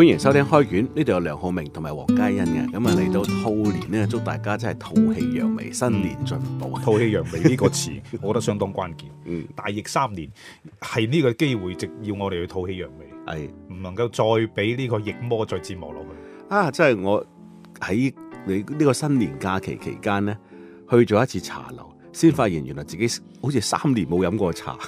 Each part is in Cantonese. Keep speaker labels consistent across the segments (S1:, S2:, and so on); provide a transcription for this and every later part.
S1: 歡迎收聽開卷，呢度有梁浩明同埋黃佳欣嘅。咁啊嚟到兔年咧，祝大家真係吐氣揚眉，新年進步。嗯，吐
S2: 氣揚眉呢個詞， 我覺得相當關鍵。嗯，大疫三年係呢個機會，直要我哋去吐氣揚眉，係唔的能夠再俾呢個疫魔再折磨落
S1: 去。啊，即係我喺你呢個新年假期期間咧，去咗一次茶樓，先發現原來自己好似三年冇飲過茶。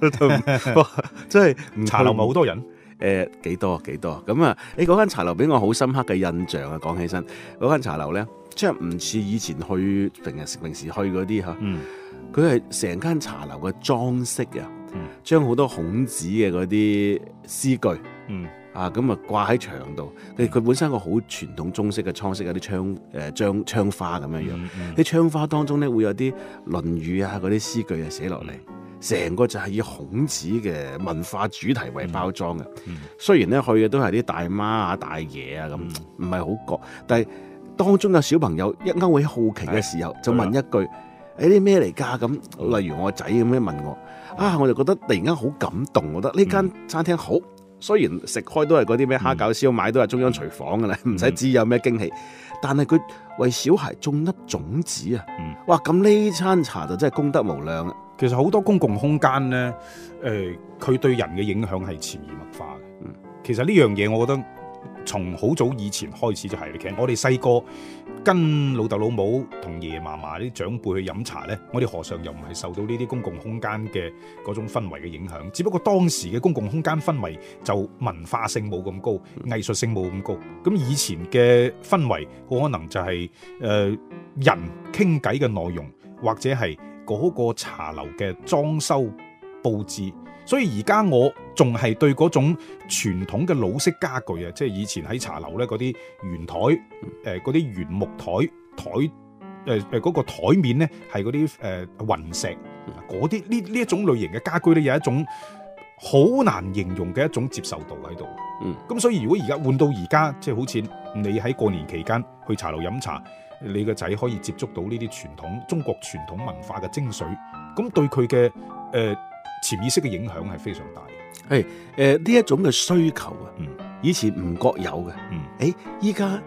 S1: 即 真係的茶樓咪好多人？誒，幾多幾多咁啊？你嗰間茶樓俾我好深刻嘅印象啊！講起身嗰間茶樓咧，即係唔似以前去平日平時去嗰啲嚇，佢係成間茶樓嘅裝飾啊，將好、嗯、多孔子嘅嗰啲詩句、嗯、啊，咁啊掛喺牆度。佢、嗯、本身個好傳統中式嘅窗式裝飾啊，嗰啲窗，誒，窗窗花咁樣樣，啲窗、嗯嗯、花當中咧會有啲論語啊，嗰啲詩句啊寫落嚟。嗯嗯成個就係以孔子嘅文化主題為包裝嘅，雖然咧去嘅都係啲大媽啊，啊、大爺啊咁，唔係好覺，但係當中有小朋友一啱會好奇嘅時候，就問一句：誒啲咩嚟㗎？咁、啊哎，例如我仔咁樣問我，啊，我就覺得突然間好感動，我覺得呢間餐廳好。雖然食開都係嗰啲咩蝦餃燒賣都係中央廚房㗎啦，唔使、嗯、 知有咩驚喜，但係佢為小孩種粒種子啊！哇，咁呢餐茶就真係功德無量啊！其實好多公共空間呢，誒、呃，佢對人
S2: 嘅影響係潛移默化嘅。嗯、其實呢樣嘢，我覺得從好早以前開始就係、是、嘅。嗯、我哋細個跟老豆老母同爺爺嫲嫲啲長輩去飲茶呢。我哋何嘗又唔係受到呢啲公共空間嘅嗰種氛圍嘅影響，只不過當時嘅公共空間氛圍就文化性冇咁高，藝術性冇咁高。咁以前嘅氛圍，好可能就係、是、誒、呃、人傾偈嘅內容，或者係。嗰個茶樓嘅裝修佈置，所以而家我仲係對嗰種傳統嘅老式家具，啊，即係以前喺茶樓咧嗰啲圓台，誒嗰啲圓木台台，誒誒嗰個台面咧係嗰啲誒雲石，嗰啲呢呢一種類型嘅家具咧有一種好難形容嘅一種接受度喺度。嗯，咁所以如果而家換到而家，即係好似你喺過年期間去茶樓飲茶。你個仔可以接觸到呢啲傳統中國傳統文化嘅精髓，咁對佢嘅誒潛意識嘅影響係非常大的。
S1: 係誒呢一種嘅需求啊，嗯、以前唔覺有嘅。誒依家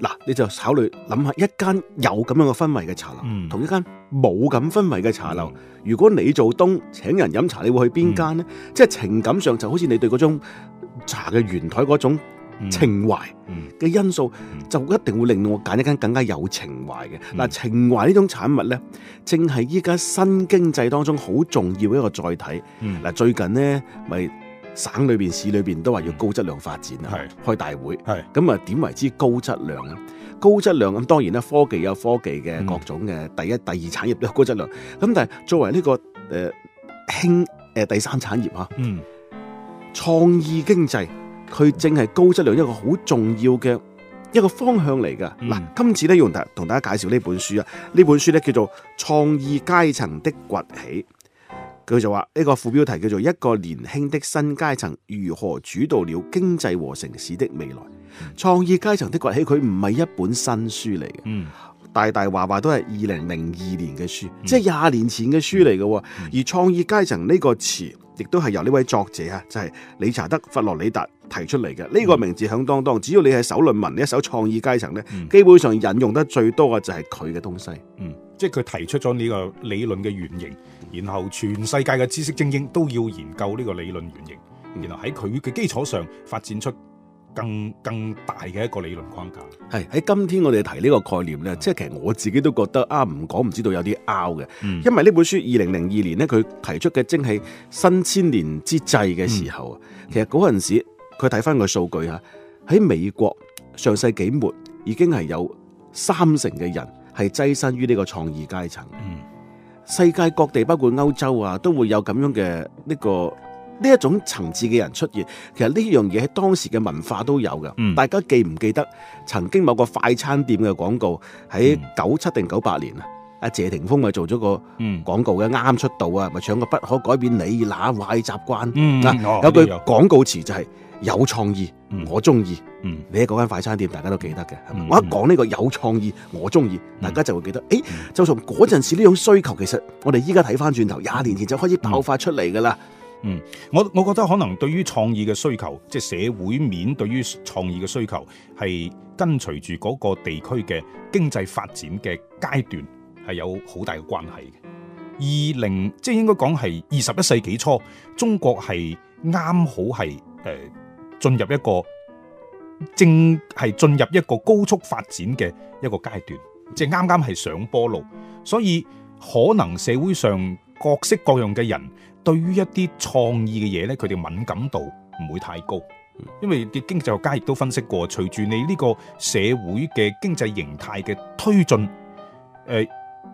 S1: 嗱，你就考慮諗下一間有咁樣嘅氛圍嘅茶樓，嗯、同一間冇咁氛圍嘅茶樓，嗯、如果你做東請人飲茶，你會去邊間呢？嗯、即係情感上就好似你對嗰種茶嘅圓枱嗰種。情懷嘅因素，嗯嗯、就一定會令到我揀一間更加有情懷嘅。嗱，嗯、情懷呢種產物咧，正係依家新經濟當中好重要一個載體。嗱、嗯，最近咧咪省裏邊市裏邊都話要高質量發展啊，是開大會係咁啊？點是為之高質量咧？高質量咁當然啦，科技有科技嘅各種嘅第一、嗯、第二產業都有高質量，咁但係作為呢、這個誒興誒第三產業啊，嗯，創意經濟。佢正係高質量一個好重要嘅一個方向嚟噶。嗱、嗯，今次咧要同大家介紹呢本書啊。呢本書咧叫做《創意階層的崛起》，佢就話呢個副標題叫做《一個年輕的新階層如何主導了經濟和城市的未來》嗯。創意階層的崛起，佢唔係一本新書嚟嘅，嗯、大大話話都係二零零二年嘅書，嗯、即係廿年前嘅書嚟嘅。嗯、而創意階層呢個詞，亦都係由呢位作者啊，就係、是、理查德弗洛里達。提出嚟嘅呢個名字響當當，只要你係首論文，你一首創意階層咧，基本上引用得最多嘅就係佢嘅東西。嗯，即係佢提出咗
S2: 呢個理論嘅原型，然後全世界嘅知識精英都要研究呢個理論原型，
S1: 然後喺佢嘅基礎上發展出更更大嘅一個理論框架。係喺今天我哋提呢個概念咧，即係其實我自己都覺得啊，唔講唔知道有啲拗嘅。嗯，因為呢本書二零零二年咧，佢提出嘅正係新千年之際嘅時候啊，其實嗰陣時。佢睇翻個數據嚇，喺美國上世紀末已經係有三成嘅人係棲身於呢個創意階層。世界各地包括歐洲啊，都會有咁樣嘅呢、這個呢一種層次嘅人出現。其實呢樣嘢喺當時嘅文化都有嘅。嗯、大家記唔記得曾經某個快餐店嘅廣告喺九七定九八年啊？阿、嗯、謝霆鋒咪做咗個廣告嘅，啱、嗯、出道啊，咪唱個不可改變你那壞習慣啊，嗯哦、有句廣告詞就係、是。有創意，我中意。嗯、你喺嗰間快餐店，大家都記得嘅。嗯、吧我一講呢個有創意，我中意，嗯、大家就會記得。誒、嗯欸，就從嗰陣時呢種需求，其實我哋依家睇翻轉頭廿年前就開始爆發出嚟㗎喇。嗯，我我覺
S2: 得可能對於創意嘅需求，即係社會面對於創意嘅需求，係跟隨住嗰個地區嘅經濟發展嘅階段，係有好大嘅關係嘅。二零即係應該講係二十一世紀初，中國係啱好係誒。呃進入一個正係進入一個高速發展嘅一個階段，即係啱啱係上坡路，所以可能社會上各式各樣嘅人對於一啲創意嘅嘢，呢，佢哋敏感度唔會太高，因為啲經濟學家亦都分析過，隨住你呢個社會嘅經濟形態嘅推進，誒、呃，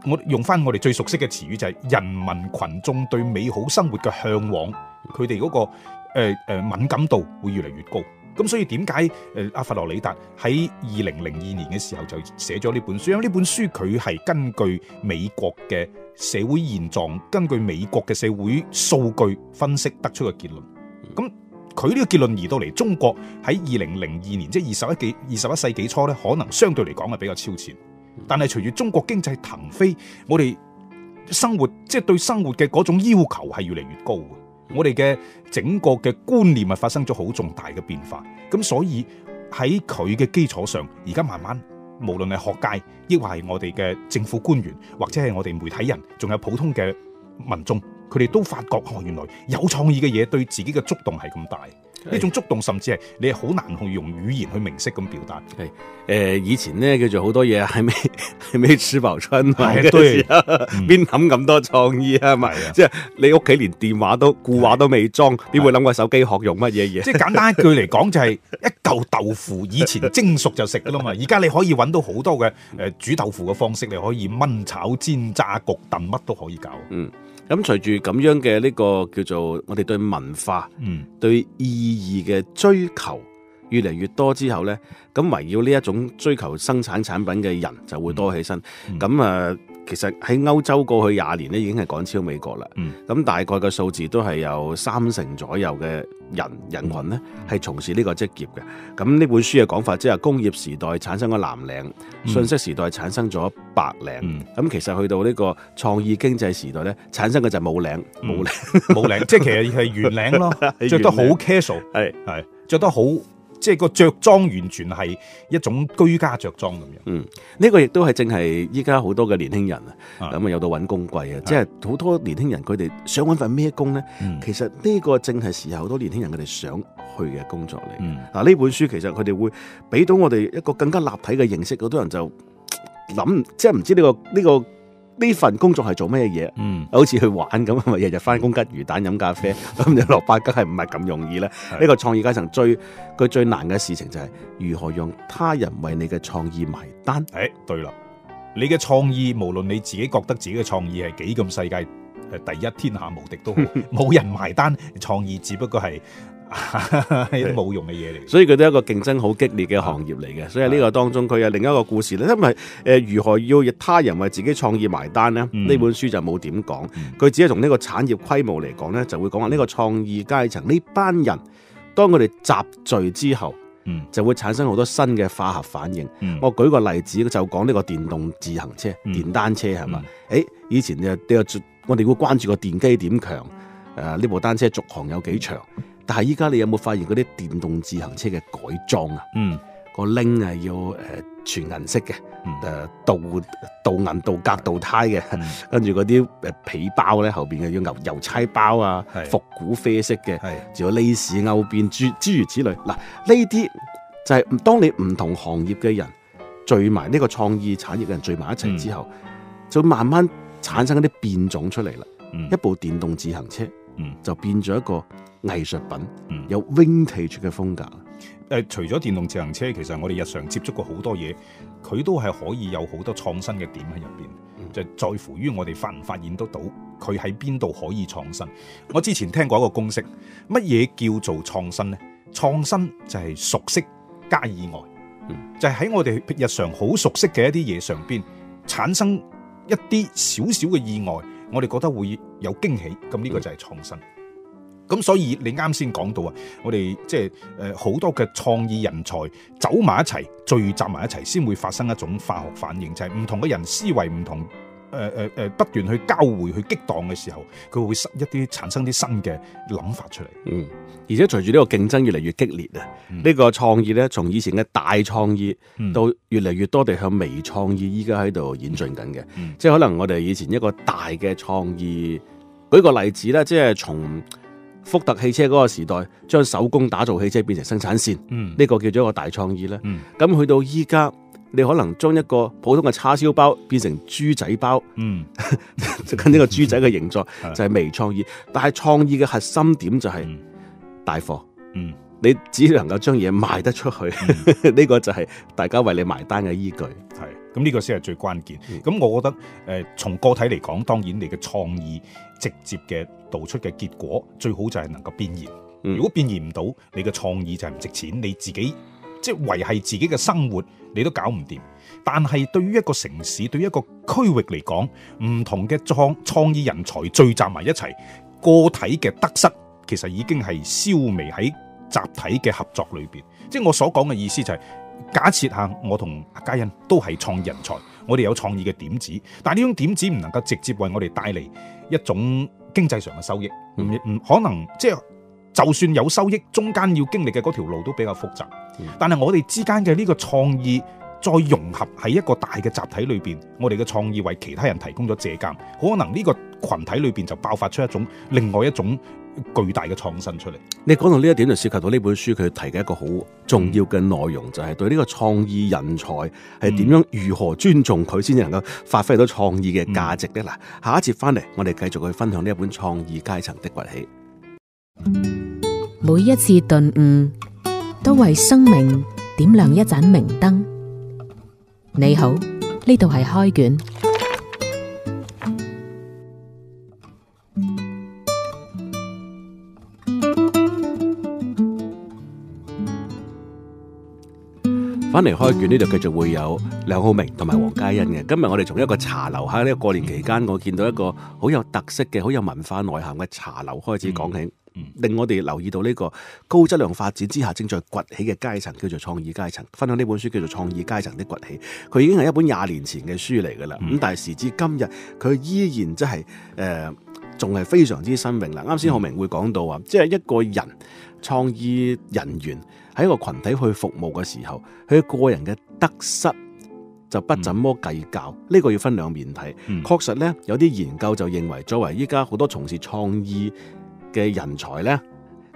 S2: 我用翻我哋最熟悉嘅詞語就係人民群眾對美好生活嘅向往，佢哋嗰個。誒誒、呃呃，敏感度會越嚟越高，咁所以點解誒阿佛羅里達喺二零零二年嘅時候就寫咗呢本書？因為呢本書佢係根據美國嘅社會現狀，根據美國嘅社會數據分析得出嘅結論。咁佢呢個結論移到嚟中國喺二零零二年，即係二十一二十一世紀初咧，可能相對嚟講係比較超前。但係隨住中國經濟騰飛，我哋生活即係、就是、對生活嘅嗰種要求係越嚟越高我哋嘅整個嘅觀念係發生咗好重大嘅變化，咁所以喺佢嘅基礎上，而家慢慢，無論係學界，亦或係我哋嘅政府官員，或者係我哋媒體人，仲有普通嘅民眾。佢哋都發覺原來有創意嘅嘢對自己嘅觸動係咁大。呢種觸動甚至係你好難去用語言去明識咁表達。
S1: 係、呃、誒以前咧叫做好多嘢係咪係未處謀春啊，邊諗咁多創意啊？嘛，即係你屋企連電話都固話都未裝，邊的會
S2: 諗過手機殼用乜嘢嘢？即係、就是、簡單一句嚟講，就係一嚿豆腐以前蒸熟就食㗎啦嘛。而家 你可以揾到好多嘅誒煮豆腐嘅方式，你可以燜、炒、煎、炸、焗、
S1: 燉，乜都可以搞。嗯。咁隨住咁樣嘅呢個叫做我哋對文化，嗯，對意義嘅追求。越嚟越多之後呢，咁圍繞呢一種追求生產產品嘅人就會多起身。咁啊，其實喺歐洲過去廿年呢，已經係趕超美國啦。咁大概嘅數字都係有三成左右嘅人人群呢，係從事呢個職業嘅。咁呢本書嘅講法即係工業時代產生咗藍領，信息時代產生咗白領。咁其實去到呢個創意經濟時代呢，產生嘅就冇領冇領冇領，即係其實係圓領咯，着得好
S2: casual，係係著得好。即係個着裝完全係一種
S1: 居家着裝咁樣。嗯，呢、這個亦都係正係依家好多嘅年輕人啊，咁啊、嗯、有到搵工貴啊，嗯、即係好多年輕人佢哋想搵份咩工咧？嗯、其實呢個正係時候，好多年輕人佢哋想去嘅工作嚟。嗱呢、嗯啊、本書其實佢哋會俾到我哋一個更加立體嘅認識，好多人就諗，即係唔知呢個呢個。這個呢份工作係做咩嘢？嗯，好似去玩咁，係日日翻工吉魚蛋飲、嗯、咖啡咁？你落八吉係唔係咁容易咧？呢是的 個創意階層最，佢最難嘅事情就係、是、如何用他人為你嘅創意埋單。誒，對啦，你嘅創意無論你自己覺得自己嘅
S2: 創意係幾咁世界係第一天下無敵都好，冇 人埋單，創意只不過係。有啲冇
S1: 用嘅嘢嚟，所以佢都係一個競爭好激烈嘅行業嚟嘅。所以呢個當中佢有另一個故事咧，因為誒如何要他人為自己創意埋單呢？呢本書就冇點講，佢只係從呢個產業規模嚟講呢，就會講話呢個創意階層呢班人，當佢哋集聚之後，就會產生好多新嘅化合反應。我舉個例子就講呢個電動自行車、電單車係嘛？誒、欸，以前你又我哋會關注個電機點強誒？呢部單車續航有幾長？但係依家你有冇發現嗰啲電動自行車嘅改裝啊？嗯，個鈴係要誒、呃、全銀色嘅，誒鍍鍍銀、鍍鉻、鍍胎嘅，嗯、跟住嗰啲誒皮包咧後邊又要牛油差包啊，復是古啡色嘅，仲是有 lace 鈎邊，諸諸如此類。嗱，呢啲就係當你唔同行業嘅人聚埋呢、這個創意產業嘅人聚埋一齊之後，嗯、就慢慢產生一啲變種出嚟啦。嗯、一部電動自行車。就變咗一個藝術品，有 vintage 嘅風格。誒、嗯呃，除咗電動自行車，其實我哋日常接觸
S2: 過好多嘢，佢都係可以有好多創新嘅點喺入邊，嗯、就在乎於我哋發唔發現得到佢喺邊度可以創新。我之前聽過一個公式，乜嘢叫做創新呢？創新就係熟悉加意外，嗯、就係喺我哋日常好熟悉嘅一啲嘢上邊產生一啲小小嘅意外。我哋覺得會有驚喜，咁呢個就係創新。咁、嗯、所以你啱先講到啊，我哋即係誒好多嘅創意人才走埋一齊，聚集埋一齊，先會發生一種化學反應，就係唔同嘅人思維唔同。誒誒誒，不斷去交匯去激盪嘅時候，佢會新一啲產生啲新嘅諗法出嚟。嗯，
S1: 而且隨住呢個競爭越嚟越激烈啊，呢、嗯、個創意咧，從以前嘅大創意、嗯、到越嚟越多地向微創意，依家喺度演進緊嘅。嗯、即係可能我哋以前一個大嘅創意，舉個例子咧，即係從福特汽車嗰個時代，將手工打造汽車變成生產線，呢、嗯、個叫做一個大創意咧。嗯，咁去到依家。你可能將一個普通嘅叉燒包變成豬仔包，嗯，就跟呢個豬仔嘅形狀就係微創意，的但係創意嘅核心點就係帶貨，嗯，你只要能夠將嘢賣得出去，呢、嗯、 個就係大家
S2: 為你埋單嘅依據，係，咁呢個先係最關鍵。咁、嗯、我覺得，誒、呃，從個體嚟講，當然你嘅創意直接嘅導出嘅結果，最好就係能夠變現。嗯、如果變現唔到，你嘅創意就係唔值錢，你自己。即係維係自己嘅生活，你都搞唔掂。但係對於一個城市，對於一個區域嚟講，唔同嘅創創意人才聚集埋一齊，個體嘅得失其實已經係消弭喺集體嘅合作裏邊。即係我所講嘅意思就係、是，假設下我同阿嘉欣都係創意人才，我哋有創意嘅點子，但係呢種點子唔能夠直接為我哋帶嚟一種經濟上嘅收益，唔唔、嗯、可能即係。就算有收益，中間要經歷嘅嗰條路都比較複雜。但係我哋之間嘅呢個創意再融合喺一個大嘅集體裏邊，我哋嘅創意為其他人提供咗借鑑，可能呢個群體裏邊就爆發出一種另外一種巨大嘅創新出嚟。
S1: 你講到呢一點就涉及到呢本書佢提嘅一個好重要嘅內容，就係對呢個創意人才係點樣如何尊重佢先至能夠發揮到創意嘅價值呢？嗱，下一節翻嚟我哋繼續去分享呢一本《創意階層的崛起》。每一次頓悟，都為生命點亮一盞明燈。你好，呢度係開卷。翻嚟開卷呢度繼續會有梁浩明同埋黃嘉欣嘅。今日我哋從一個茶樓喺呢、呢個過年期間，我見到一個好有特色嘅、好有文化內涵嘅茶樓開始講起。嗯嗯、令我哋留意到呢個高質量發展之下正在崛起嘅階層，叫做創意階層。分享呢本書叫做《創意階層的崛起》，佢已經係一本廿年前嘅書嚟噶啦。咁、嗯、但係時至今日，佢依然即係誒，仲、呃、係非常之新穎啦。啱先浩明會講到啊，嗯、即係一個人創意人員喺一個群體去服務嘅時候，佢個人嘅得失就不怎麼計較。呢、嗯、個要分兩面睇。確、嗯、實呢，有啲研究就認為，作為依家好多從事創意。嘅人才咧，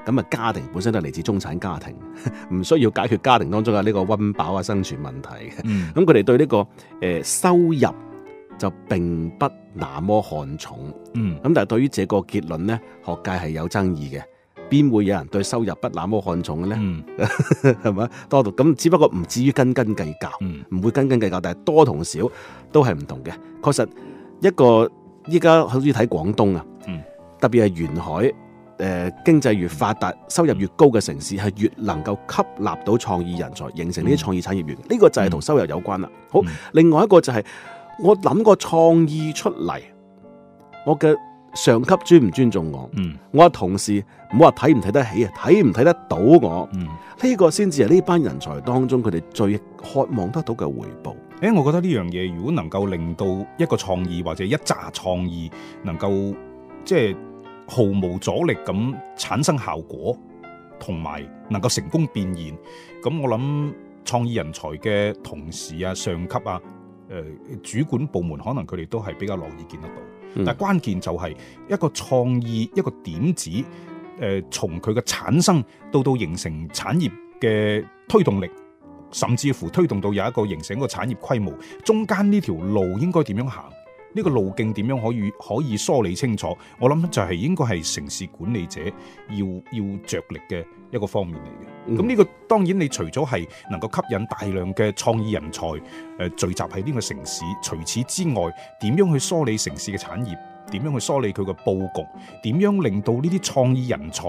S1: 咁啊家庭本身都係嚟自中產家庭，唔需要解決家庭當中嘅呢個溫飽啊生存問題。咁佢哋對呢、呢個誒、呃、收入就並不那麼看重。嗯，咁但係對於這個結論咧，學界係有爭議嘅。邊會有人對收入不那麼看重嘅咧？嗯， 係咪多到咁？只不過唔至於斤斤計較，唔、嗯、會斤斤計較，但係多同少都係唔同嘅。確實，一個依家好中意睇廣東啊，嗯、特別係沿海。誒，經濟越發達，收入越高嘅城市係越能夠吸納到創意人才，形成呢啲創意產業園。呢、這個就係同收入有關啦。好，另外一個就係、是、我諗個創意出嚟，我嘅上級尊唔尊重我？嗯，我嘅同事唔好話睇唔睇得起啊，睇唔睇得到我？嗯，呢個先至係呢班人才當中佢哋最渴望得到嘅回報。
S2: 誒、欸，我覺得呢樣嘢如果能夠令到一個創意或者一紮創意能夠即係。毫無阻力咁產生效果，同埋能夠成功變現，咁我諗創意人才嘅同事啊、上級啊、呃、主管部門，可能佢哋都係比較樂意見得到。嗯、但關關鍵就係一個創意一個點子，誒、呃、從佢嘅產生到到形成產業嘅推動力，甚至乎推動到有一個形成一個產業規模，中間呢條路應該點樣行？呢個路徑點樣可以可以梳理清楚？我諗就係應該係城市管理者要要着力嘅一個方面嚟嘅。咁呢個當然，你除咗係能夠吸引大量嘅創意人才誒、呃、聚集喺呢個城市，除此之外，點樣去梳理城市嘅產業？點樣去梳理佢嘅佈局？點樣令到呢啲創意人才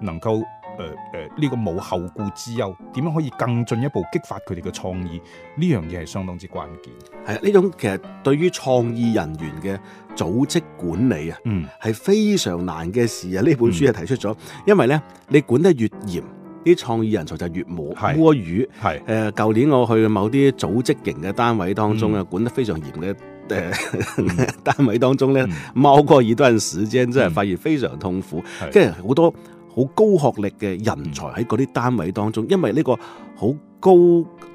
S2: 能夠？誒誒，呢、呃這個冇後顧之憂，點樣可以更進一步激發佢哋嘅創意？
S1: 呢樣嘢係相當之關鍵。係啊，呢種其實對於創意人員嘅組織管理啊，嗯，係非常難嘅事啊。呢、嗯、本書係提出咗，因為咧你管得越嚴，啲創意人才就越冇摸是魚。係誒是，舊、呃、年我去某啲組織型嘅單位當中啊，嗯、管得非常嚴嘅誒、呃嗯、單位當中咧，貓過、嗯、一段時間真係發現非常痛苦，即係好多。好高學歷嘅人才喺嗰啲單位當中，嗯、因為呢個好高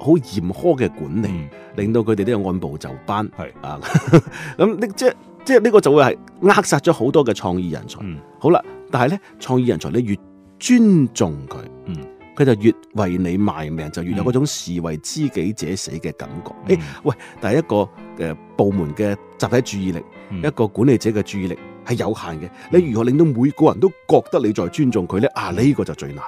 S1: 好嚴苛嘅管理，嗯、令到佢哋都要按部就班。係是啊，咁呢即即呢個就會係扼殺咗好多嘅創意人才。嗯、好啦，但係咧，創意人才你越尊重佢，佢、嗯、就越為你賣命，就越有嗰種士為知己者死嘅感覺。誒、嗯欸、喂，但係一個誒、呃、部門嘅集體注意力，嗯、一個管理者嘅注意力。係有限嘅，你如何令到每個人都覺得你在尊重佢呢？啊，呢個
S2: 就最難。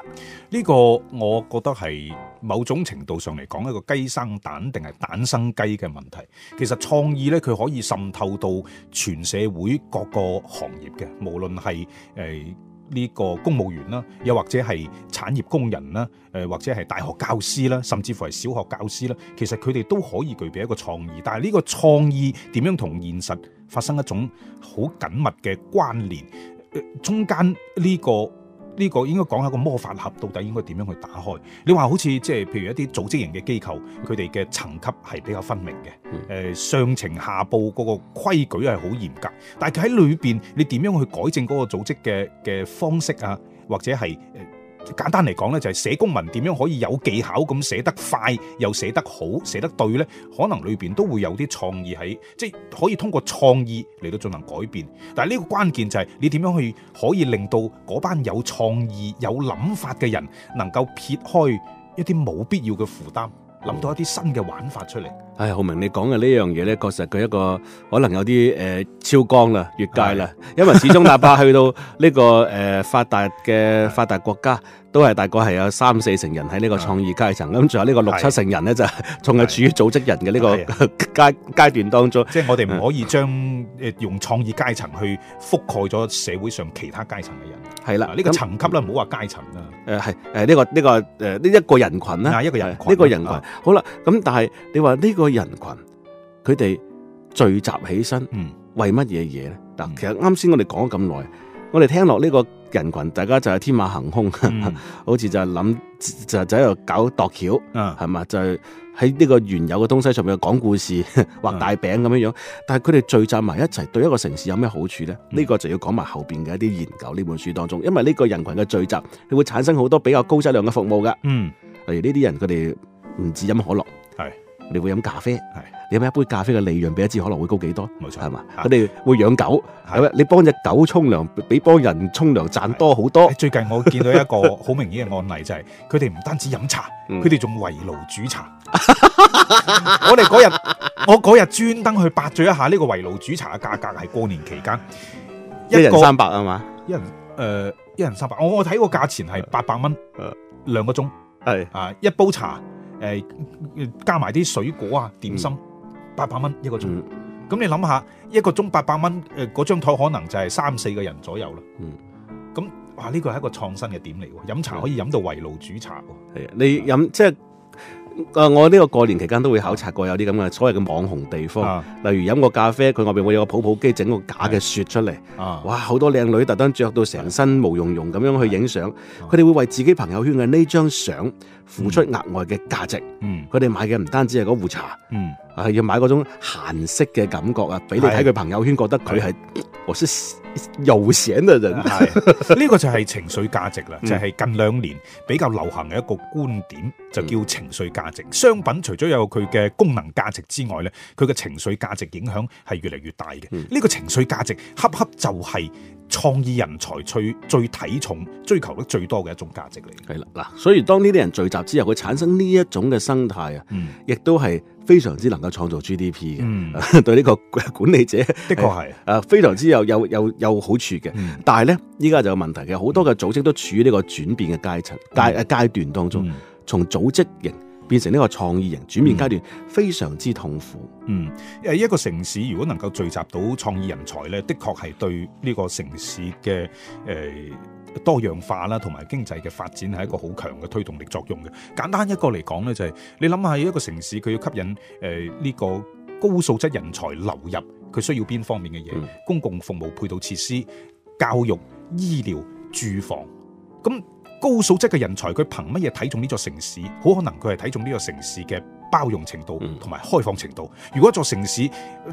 S2: 呢個我覺得係某種程度上嚟講，一個雞生蛋定係蛋生雞嘅問題。其實創意呢，佢可以滲透到全社會各個行業嘅，無論係誒呢個公務員啦，又或者係產業工人啦，誒、呃、或者係大學教師啦，甚至乎係小學教師啦，其實佢哋都可以具備一個創意，但係呢個創意點樣同現實發生一種好緊密嘅關聯？呃，中間呢、這個。呢個應該講下個魔法盒到底應該點樣去打開你話？你話好似即係譬如一啲組織型嘅機構，佢哋嘅層級係比較分明嘅，誒、嗯、上情下報嗰個規矩係好嚴格，但係喺裏邊你點樣去改正嗰個組織嘅嘅方式啊，或者係誒？簡單嚟講呢，就係寫公文，點樣可以有技巧咁寫得快、又寫得好、寫得對呢？可能裏面都會有啲創意喺，即係可以通過創意嚟到進行改變。但係呢個關鍵就係你點樣去可以令到嗰班有創意、有諗法嘅人能夠撇開一啲冇必要嘅負擔，諗到一啲新嘅玩法出嚟。
S1: 唉，浩明你講嘅呢樣嘢咧，確實佢一個可能有啲誒超綱啦，越界啦。因為始終哪怕去到呢個誒發達嘅發達國家，都係大概係有三四成人喺呢個創意階層，咁仲有呢個六七成人咧，就仲係處於組織人嘅呢個階階段當中。即係我哋唔可以將誒用創意
S2: 階層去覆蓋咗社會上其他階層嘅人。係啦，呢個層級啦，唔好話階層啦。
S1: 誒係誒呢個呢個誒呢一個人群啦，一個人群呢個人群好啦，咁但係你話呢個人群，佢哋聚集起身，嗯、為乜嘢嘢咧？嗱、嗯，其實啱先我哋講咗咁耐，我哋聽落呢個人群，大家就係天馬行空，嗯、 好似就係諗，就係喺度搞度橋，係嘛？就係喺呢個原有嘅東西上面講故事、畫、嗯、 大餅咁樣樣。但係佢哋聚集埋一齊，對一個城市有咩好處咧？呢、嗯、個就要講埋後邊嘅一啲研究呢本書當中，因為呢個人群嘅聚集，佢會產生好多比較高質量嘅服務噶。
S2: 嗯，
S1: 例如呢啲人佢哋唔止飲可樂，係。你會飲咖啡，係你飲一杯咖啡嘅利潤比一支可能會高幾多？冇錯，係嘛？佢哋會養狗，係咪？你幫隻狗沖涼比幫人沖涼賺多好多。最近我見到一個
S2: 好明顯嘅案例就係，佢哋唔單止飲茶，佢哋
S1: 仲圍爐煮茶。
S2: 我哋嗰日，我嗰日專登去百度一下呢個圍爐煮茶嘅價格，係過年期間，一人三百啊嘛，一人誒一人三百。我我睇個價錢係八百蚊，誒兩個鐘，係啊一煲茶。誒、呃、加埋啲水果啊，點心，八百蚊一個鐘，咁、嗯、你諗下一個鐘八百蚊，誒、呃、嗰張台可能就係三四個人左右啦。嗯，咁哇，呢個係一個創新嘅點嚟喎，飲茶可以飲到圍爐煮茶
S1: 喎。係啊，你飲即係。就是啊！我呢個過年期間都會考察過有啲咁嘅所謂嘅網紅地方，啊、例如飲個咖啡，佢外邊會有個泡泡機整個假嘅雪出嚟，啊、哇！好多靚女特登着到成身毛茸茸咁樣去影相，佢哋是會為自己朋友圈嘅呢張相付出額外嘅價值。嗯，佢哋買嘅唔單止係嗰壺茶，嗯，係、啊、要買嗰種閒適嘅感覺啊，俾是你睇佢朋友圈，覺得佢係我識。有閒的人係呢、 呢個就係情緒價值啦，就係、是、近
S2: 兩年比較流行嘅一個觀點，就叫情緒價值。商品除咗有佢嘅功能價值之外呢，佢嘅情緒價值影響係越嚟越大嘅。呢、呢個情緒價值
S1: 恰恰就係、是。創意人才最最睇重、追求得最多嘅一種價值嚟。係啦，嗱，所以當呢啲人聚集之後，佢產生呢一種嘅生態啊，亦、嗯、都係非常之能夠創造 GDP 嘅、嗯啊。對呢個管理者，的確係啊，非常之有是有有有好處嘅。嗯、但係呢，依家就有問題嘅，好多嘅組織都處於呢個轉變嘅階層、嗯、階階段當中，嗯、從組織型。變成呢個創意型轉變階段、嗯、非常之痛苦。嗯，誒一個城市如果能夠聚集到創意人才呢，的
S2: 確係對呢個城市嘅誒、呃、多樣化啦，同埋經濟嘅發展係一個好強嘅推動力作用嘅。簡單一個嚟講呢，就係、係、你諗下一個城市佢要吸引誒呢、呃呢個高素質人才流入，佢需要邊方面嘅嘢？嗯、公共服務配套設施、教育、醫療、住房，咁。高素質嘅人才，佢憑乜嘢睇重呢座城市？好可能佢係睇重呢座城市嘅包容程度同埋開放程度。嗯、如果一座城市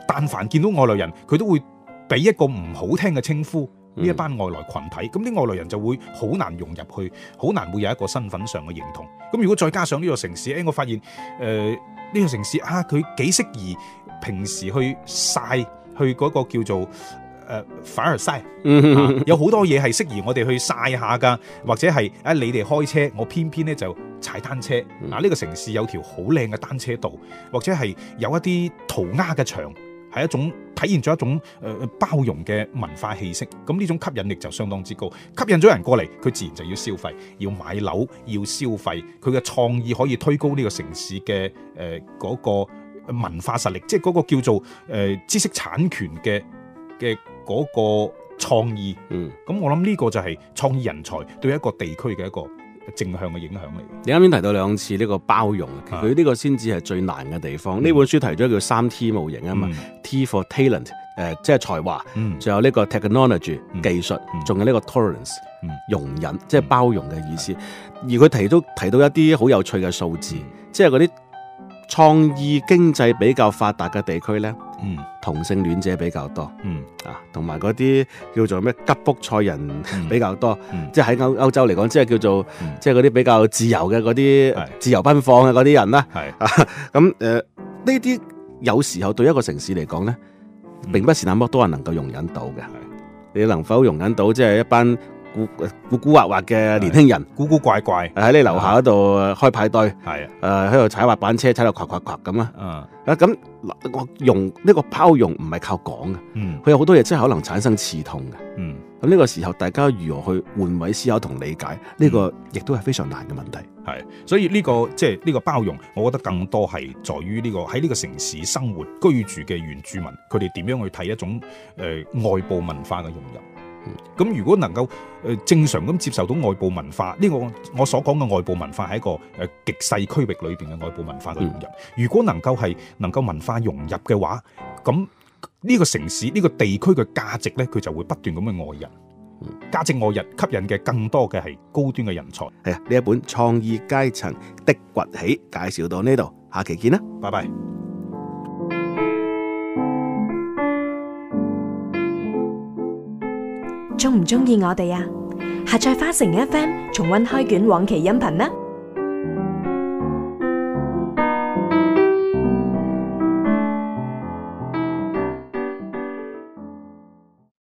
S2: 但凡見到外來人，佢都會俾一個唔好聽嘅稱呼呢、嗯、一班外來群體，咁啲外來人就會好難融入去，好難會有一個身份上嘅認同。咁如果再加上呢座城市，我發現呢座、呃這個、城市啊，佢幾適宜平時去晒，去嗰個叫做。誒反而曬，有好多嘢係適宜我哋去曬下㗎，或者係誒、uh, 你哋開車，我偏偏咧就踩單車。嗱，呢個城市有條好靚嘅單車道，或者係有一啲塗鴉嘅牆，係一種體現咗一種誒、呃、包容嘅文化氣息。咁呢種吸引力就相當之高，吸引咗人過嚟，佢自然就要消費，要買樓，要消費。佢嘅創意可以推高呢個城市嘅誒嗰個文化實力，即係嗰個叫做誒、呃、知識產權嘅嘅。的嗰個創意，嗯，咁我諗呢個就係創意人才對一個地區嘅一個正向嘅影響
S1: 嚟。你啱啱提到兩次呢、呢個包容，其實佢呢個先至係最難嘅地方。呢、嗯、本書提咗叫三 T 模型啊嘛、嗯、T for talent，誒即係才華，仲、嗯、有呢個 technology、嗯、技術，仲、嗯、有呢個 tolerance、嗯、容忍，即、就、係、是、包容嘅意思。嗯嗯、而佢提到提到一啲好有趣嘅數字，即係嗰啲。創意經濟比較發達嘅地區呢，嗯，同性戀者比較多，嗯啊，同埋嗰啲叫做咩吉卜賽人比較多，嗯、即係喺歐歐洲嚟講，即係叫做、嗯、即係嗰啲比較自由嘅嗰啲自由奔放嘅嗰啲人啦，咁誒呢啲有時候對一個城市嚟講呢，嗯、並不是那麼多人能夠容忍到嘅，是你能否容忍到即係一班？古古古惑惑嘅年輕人，古古怪怪喺你樓下度開派對，係誒喺度踩滑板車，踩到咭咭咭咁啊，啊咁，我用呢個包容唔係靠講嘅，嗯，佢有好多嘢真係可能產生刺痛嘅，嗯，咁呢個時候大家如何去換位思考同理解呢、嗯、個，亦都係非常難嘅問題，係，所以呢個即係呢個包容，我覺得更多係在於呢
S2: 個喺呢個城市生活居住嘅原住民，佢哋點樣去睇一種誒、呃、外部文化嘅融入。咁如果能夠誒正常咁接受到外部文化，呢個我所講嘅外部文化係一個誒極細區域裏邊嘅外部文化嘅融入。如果能夠係能夠文化融入嘅話，咁呢個城市呢個地區嘅價值呢，佢就會不斷咁去外引，價值外引吸引嘅更多嘅係高端嘅人才。
S1: 係啊，呢一本《創意階層的崛起》介紹到呢度，下期見啦，拜拜。
S2: 鍾唔鍾意我哋啊？下載花城 FM 重溫開卷往期音頻呢？